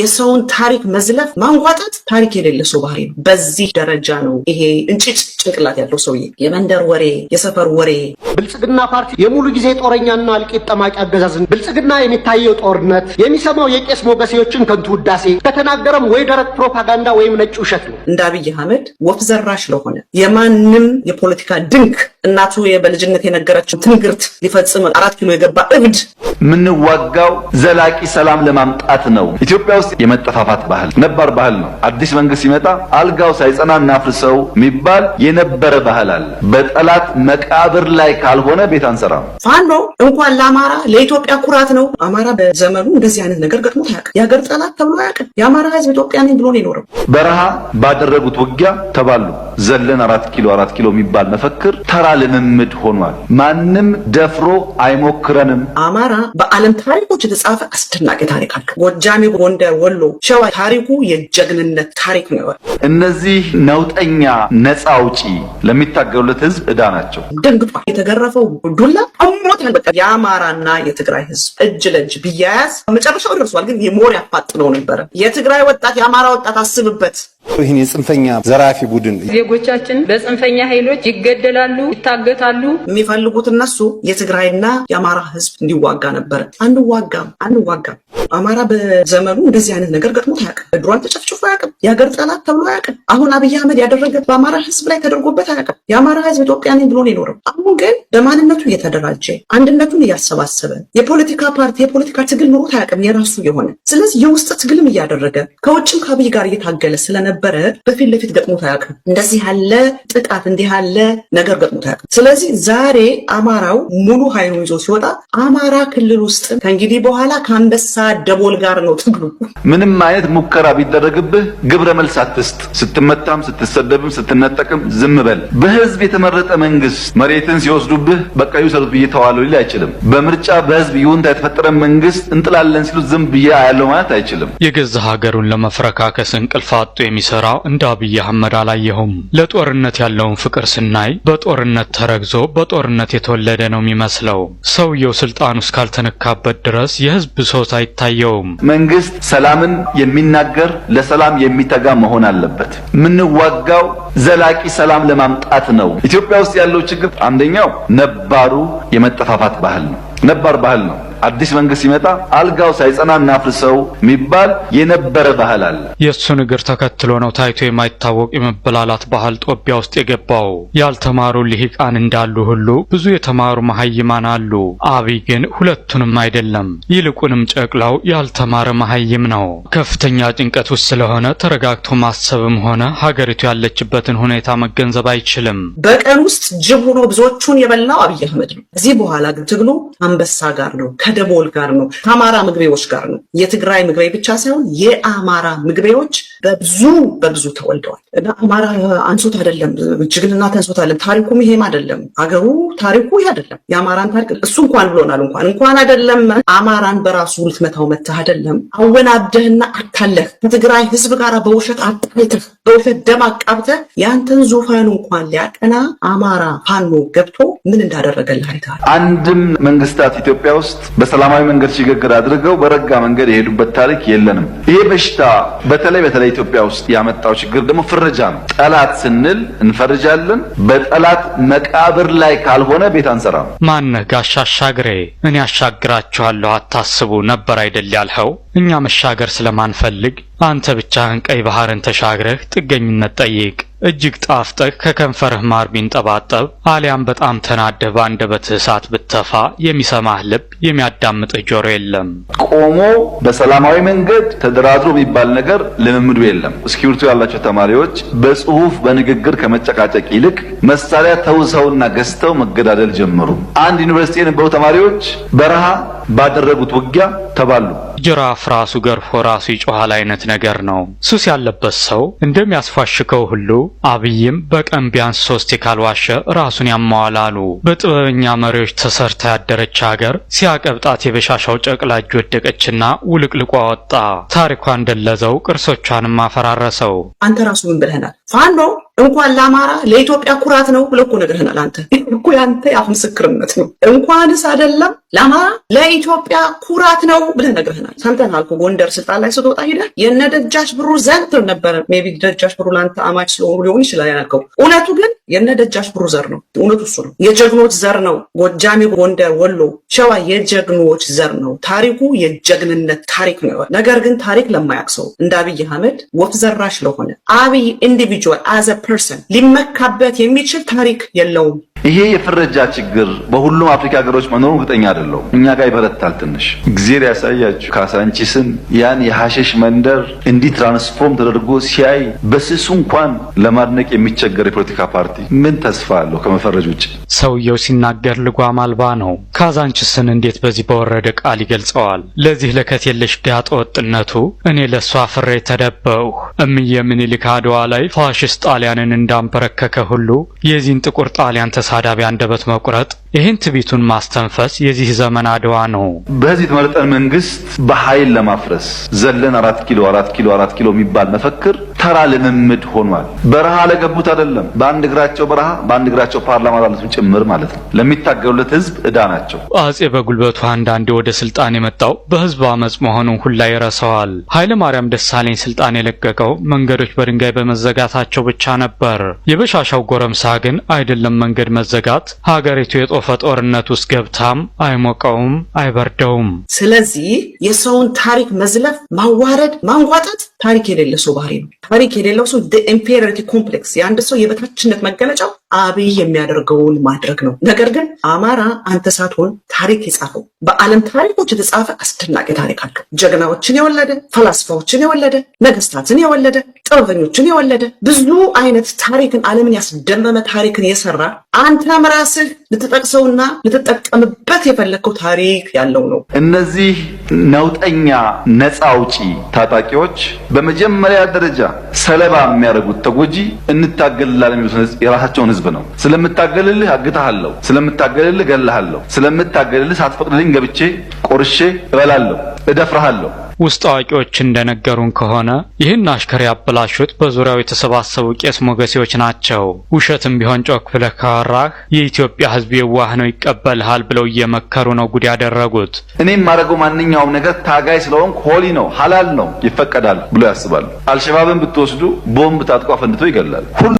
የሰውን ታሪክ መዝለፍ፣ ማንጓጠጥ ታሪክ የሌለ ሰው ባህሪ ነው። በዚህ ደረጃ ነው ይሄ እንጭጭ ጭንቅላት ያለው ሰውዬ የመንደር ወሬ፣ የሰፈር ወሬ። ብልጽግና ፓርቲ የሙሉ ጊዜ ጦረኛና እልቂት ጠማቂ አገዛዝን ብልጽግና የሚታየው ጦርነት የሚሰማው የቄስ ሞገሴዎችን ከንቱ ውዳሴ ከተናገረም ወይ ደረቅ ፕሮፓጋንዳ ወይም ነጭ ውሸት ነው። እንደ አብይ አህመድ ወፍ ዘራሽ ለሆነ የማንም የፖለቲካ ድንክ እናቱ በልጅነት የነገረችው ትንግርት ሊፈጽም አራት ኪሎ የገባ እብድ የምንዋጋው ዘላቂ ሰላም ለማምጣት ነው ኢትዮጵያ ውስጥ የመጠፋፋት ባህል ነባር ባህል ነው። አዲስ መንግስት ሲመጣ አልጋው ሳይጸና እናፍርሰው የሚባል የነበረ ባህል አለ። በጠላት መቃብር ላይ ካልሆነ ቤት አንሰራም። ፋኖ እንኳን ለአማራ ለኢትዮጵያ ኩራት ነው። አማራ በዘመኑ እንደዚህ አይነት ነገር ገጥሞት አያውቅም። የሀገር ጠላት ተብሎ አያውቅም። የአማራ ህዝብ ኢትዮጵያ ነኝ ብሎ ነው የኖረው። በረሃ ባደረጉት ውጊያ ተባሉ። ዘለን አራት ኪሎ አራት ኪሎ የሚባል መፈክር ተራ ልምምድ ሆኗል። ማንም ደፍሮ አይሞክረንም። አማራ በዓለም ታሪኮች የተጻፈ አስደናቂ ታሪክ አለ። ጎጃሜ፣ ጎንደር፣ ወሎ፣ ሸዋ ታሪኩ የጀግንነት ታሪክ ነው። እነዚህ ነውጠኛ ነፃ አውጪ ለሚታገሉለት ህዝብ እዳ ናቸው። ደንግጧል። የተገረፈው ዱላ አሞታል። በቃ የአማራና የትግራይ ህዝብ እጅ ለእጅ ብያያዝ መጨረሻው ደርሷል። ግን የሞር ያፋጥነው ነበረ። የትግራይ ወጣት የአማራ ወጣት አስብበት። ይህን የጽንፈኛ ዘራፊ ቡድን ዜጎቻችን በጽንፈኛ ኃይሎች ይገደላሉ፣ ይታገታሉ። የሚፈልጉት እነሱ የትግራይና የአማራ ህዝብ እንዲዋጋ ነበረ። አንዋጋም፣ አንዋጋም አማራ በዘመኑ እንደዚህ አይነት ነገር ገጥሞት አያውቅም። በድሯን ተጨፍጭፎ አያውቅም። የሀገር ጠላት ተብሎ አያውቅም። አሁን አብይ አህመድ ያደረገ በአማራ ህዝብ ላይ ተደርጎበት አያውቅም። የአማራ ህዝብ ኢትዮጵያ ነኝ ብሎ ይኖርም። አሁን ግን በማንነቱ እየተደራጀ አንድነቱን እያሰባሰበ የፖለቲካ ፓርቲ የፖለቲካ ትግል ኑሮት አያውቅም የራሱ የሆነ ስለዚህ የውስጥ ትግልም እያደረገ ከውጭም ከአብይ ጋር እየታገለ ስለነበረ በፊት ለፊት ገጥሞት አያውቅም። እንደዚህ ያለ ጥቃት እንዲህ ያለ ነገር ገጥሞት አያውቅም። ስለዚህ ዛሬ አማራው ሙሉ ሀይሉን ይዞ ሲወጣ አማራ ክልል ውስጥ ከእንግዲህ በኋላ ከአንበሳ ደቦል ጋር ነው ትግሉ። ምንም አይነት ሙከራ ቢደረግብህ ግብረ መልስ አትስጥ። ስትመታም፣ ስትሰደብም፣ ስትነጠቅም ዝም በል። በህዝብ የተመረጠ መንግስት መሬትን ሲወስዱብህ በቃ ይውሰዱት ብዬ ተዋለሁ ሊል አይችልም። በምርጫ በህዝብ ይሁንታ የተፈጠረ መንግስት እንጥላለን ሲሉ ዝም ብዬ አያለው ማለት አይችልም። የገዛ ሀገሩን ለመፍረካከስ እንቅልፍ አጡ የሚሰራው እንደ አብይ አህመድ አላየሁም። ለጦርነት ያለውን ፍቅር ስናይ በጦርነት ተረግዞ በጦርነት የተወለደ ነው የሚመስለው። ሰውየው ስልጣኑ እስካልተነካበት ድረስ የህዝብ አይታ አይታየውም። መንግስት ሰላምን የሚናገር ለሰላም የሚተጋ መሆን አለበት። የምንዋጋው ዘላቂ ሰላም ለማምጣት ነው። ኢትዮጵያ ውስጥ ያለው ችግር አንደኛው ነባሩ የመጠፋፋት ባህል ነው። ነባር ባህል ነው። አዲስ መንግስት ሲመጣ አልጋው ሳይጸና እናፍርሰው የሚባል የነበረ ባህል አለ። የእሱን እግር ተከትሎ ነው ታይቶ የማይታወቅ የመበላላት ባህል ጦቢያ ውስጥ የገባው። ያልተማሩ ልሂቃን እንዳሉ ሁሉ ብዙ የተማሩ መሀይማን አሉ። አብይ ግን ሁለቱንም አይደለም። ይልቁንም ጨቅላው ያልተማረ መሀይም ነው። ከፍተኛ ጭንቀት ውስጥ ስለሆነ ተረጋግቶ ማሰብም ሆነ ሀገሪቱ ያለችበትን ሁኔታ መገንዘብ አይችልም። በቀን ውስጥ ጅብ ሆኖ ብዙዎቹን የበላው አብይ አህመድ ነው። እዚህ በኋላ ግን ትግሉ ከአንበሳ ጋር ነው፣ ከደቦል ጋር ነው፣ ከአማራ ምግቤዎች ጋር ነው። የትግራይ ምግበይ ብቻ ሳይሆን የአማራ ምግበዮች በብዙ በብዙ ተወልደዋል እና አማራ አንሶት አይደለም፣ ጅግንና ተንሶት አይደለም፣ ታሪኩም ይሄም አይደለም፣ አገሩ ታሪኩ ይሄ አይደለም። የአማራን ታሪክ እሱ እንኳን ብሎናል። እንኳን እንኳን አይደለም አማራን በራሱ ልትመታው መተህ አይደለም አወናብደህና አታለህ ከትግራይ ህዝብ ጋር በውሸት አጣልተህ በውሸት ደም አቃብተህ ያንተን ዙፋን እንኳን ሊያቀና አማራ ፋኖ ገብቶ ምን እንዳደረገልህ አይተሃል። አንድም መንግስታት ኢትዮጵያ ውስጥ በሰላማዊ መንገድ ሽግግር አድርገው በረጋ መንገድ መንገድ የሄዱበት ታሪክ የለንም። ይሄ በሽታ በተለይ በተለይ ኢትዮጵያ ውስጥ ያመጣው ችግር ደግሞ ፍረጃ ነው። ጠላት ስንል እንፈርጃለን። በጠላት መቃብር ላይ ካልሆነ ቤት አንሰራም። ማነ ጋሽ አሻግሬ እኔ አሻግራችኋለሁ አታስቡ ነበር አይደል ያልኸው? እኛ መሻገር ስለማንፈልግ አንተ ብቻህን ቀይ ባህርን ተሻግረህ ጥገኝነት ጠይቅ እጅግ ጣፍጠህ ከከንፈርህ ማር ቢንጠባጠብ አሊያም በጣም ተናደህ በአንደበትህ እሳት ብተፋ የሚሰማህ ልብ የሚያዳምጥህ ጆሮ የለም። ቆሞ በሰላማዊ መንገድ ተደራድሮ የሚባል ነገር ልምምዱ የለም። እስኪብርቶ ያላቸው ተማሪዎች በጽሁፍ በንግግር ከመጨቃጨቅ ይልቅ መሳሪያ ተውሰውና ገዝተው መገዳደል ጀመሩ። አንድ ዩኒቨርሲቲ የነበሩ ተማሪዎች በረሃ ባደረጉት ውጊያ ተባሉ። ጅራፍ ራሱ ገርፎ ራሱ ይጮኋል አይነት ነገር ነው። ሱስ ያለበት ሰው እንደሚያስፋሽከው ሁሉ አብይም በቀን ቢያንስ ሶስቴ ካልዋሸ ራሱን ያማዋል አሉ። በጥበበኛ መሪዎች ተሰርታ ያደረች ሀገር ሲያቀብጣት የበሻሻው ጨቅላ እጅ ወደቀችና ውልቅልቋ ወጣ። ታሪኳን ደለዘው፣ ቅርሶቿንም አፈራረሰው። አንተ ራሱ ምን ብለህናል? ፋኖ እንኳን ለአማራ ለኢትዮጵያ ኩራት ነው ብለህ እኮ ነግረህናል። አንተ እኮ ያንተ ያፍ ምስክርነት ነው። እንኳንስ አደለም ለአማራ ለኢትዮጵያ ኩራት ነው ብለህ ነግረህናል። ሰምተናል እኮ ጎንደር ስልጣን ላይ ስትወጣ ሄደ የነ ደጃች ብሩ ዘር ነበረ። ሜይ ቢ ደጃች ብሩ ለአንተ አማች ሲሆኑ ሊሆን ይችላል ያልከው። እውነቱ ግን የነ ደጃች ብሩ ዘር ነው። እውነቱ እሱ ነው። የጀግኖች ዘር ነው። ጎጃሜ፣ ጎንደር፣ ወሎ፣ ሸዋ የጀግኖች ዘር ነው። ታሪኩ የጀግንነት ታሪክ ነው። ነገር ግን ታሪክ ለማያቅሰው እንደ አብይ አህመድ ወፍ ዘራሽ ለሆነ አብይ ኢንዲቪጁዋል አዘ ፐርሰን ሊመካበት የሚችል ታሪክ የለውም። ይሄ የፍረጃ ችግር በሁሉም አፍሪካ ሀገሮች መኖሩ እርግጠኛ አይደለሁም። እኛ ጋር ይበረታል ትንሽ። እግዜር ያሳያችሁ። ካሳንቺስን ያን የሐሸሽ መንደር እንዲህ ትራንስፎርም ተደርጎ ሲያይ በስሱ እንኳን ለማድነቅ የሚቸገር የፖለቲካ ፓርቲ ምን ተስፋ አለው ከመፈረጅ ውጭ? ሰውየው ሲናገር ልጓም አልባ ነው። ካዛንችስን እንዴት በዚህ በወረደ ቃል ይገልጸዋል? ለዚህ ለከት የለሽ ጋጠ ወጥነቱ እኔ ለእሷ ፍሬ ተደበው እምዬ ምኒልክ አድዋ ላይ ፋሽስት ጣሊያንን እንዳንበረከከ ሁሉ የዚህን ጥቁር ጣሊያን ተሳ ከታዳቢ አንደበት መቁረጥ ይህን ትቢቱን ማስተንፈስ የዚህ ዘመን አድዋ ነው። በዚህ የተመረጠን መንግስት በኃይል ለማፍረስ ዘለን አራት ኪሎ አራት ኪሎ አራት ኪሎ የሚባል መፈክር ተራ ልምምድ ሆኗል። በረሃ ለገቡት አይደለም፣ በአንድ እግራቸው በረሃ በአንድ እግራቸው ፓርላማ ላለትም ጭምር ማለት ነው። ለሚታገሉለት ህዝብ እዳ ናቸው። አጼ በጉልበቱ አንዳንዴ ወደ ስልጣን የመጣው በህዝብ አመፅ መሆኑን ሁላ ይረሰዋል። ኃይለ ማርያም ደሳለኝ ስልጣን የለቀቀው መንገዶች በድንጋይ በመዘጋታቸው ብቻ ነበር። የበሻሻው ጎረምሳ ግን አይደለም መንገድ መዘጋት ሀገሪቱ የጦ ጦፈ ጦርነት ውስጥ ገብታም አይሞቀውም፣ አይበርደውም። ስለዚህ የሰውን ታሪክ መዝለፍ፣ ማዋረድ፣ ማንጓጠጥ ታሪክ የሌለ ሰው ባህሪ ነው። ታሪክ የሌለው ሰው ኢንፌሪዮሪቲ ኮምፕሌክስ የአንድ ሰው የበታችነት መገለጫው አብይ የሚያደርገውን ማድረግ ነው። ነገር ግን አማራ አንተ ሳትሆን ታሪክ የጻፈው በዓለም ታሪኮች የተጻፈ አስደናቂ ታሪክ አለው። ጀግናዎችን የወለደ ፈላስፋዎችን የወለደ ነገስታትን የወለደ ጥበበኞችን የወለደ ብዙ አይነት ታሪክን ዓለምን ያስደመመ ታሪክን የሰራ አንተም ራስህ ልትጠቅስ ልጠቅሰውና ልትጠቀምበት የፈለግከው ታሪክ ያለው ነው። እነዚህ ነውጠኛ ነፃ አውጪ ታጣቂዎች በመጀመሪያ ደረጃ ሰለባ የሚያደርጉት ተጎጂ እንታገልላለን የሚሉት የራሳቸውን ህዝብ ነው። ስለምታገልልህ አግታሃለሁ፣ ስለምታገልልህ ገላሃለሁ፣ ስለምታገልልህ ሳትፈቅድልኝ ገብቼ ቆርሼ እበላለሁ፣ እደፍርሃለሁ። ውስጥ አዋቂዎች እንደነገሩን ከሆነ ይህን አሽከር ያበላሹት በዙሪያው የተሰባሰቡ ቄስ ሞገሴዎች ናቸው። ውሸትም ቢሆን ጮክ ብለህ ካወራህ የኢትዮጵያ ሕዝብ የዋህ ነው ይቀበልሃል ብለው እየመከሩ ነው ጉድ ያደረጉት። እኔም ማድረገው ማንኛውም ነገር ታጋይ ስለሆን ሆሊ ነው፣ ሀላል ነው፣ ይፈቀዳል ብሎ ያስባሉ። አልሸባብን ብትወስዱ ቦምብ ታጥቆ አፈንድቶ ይገላል።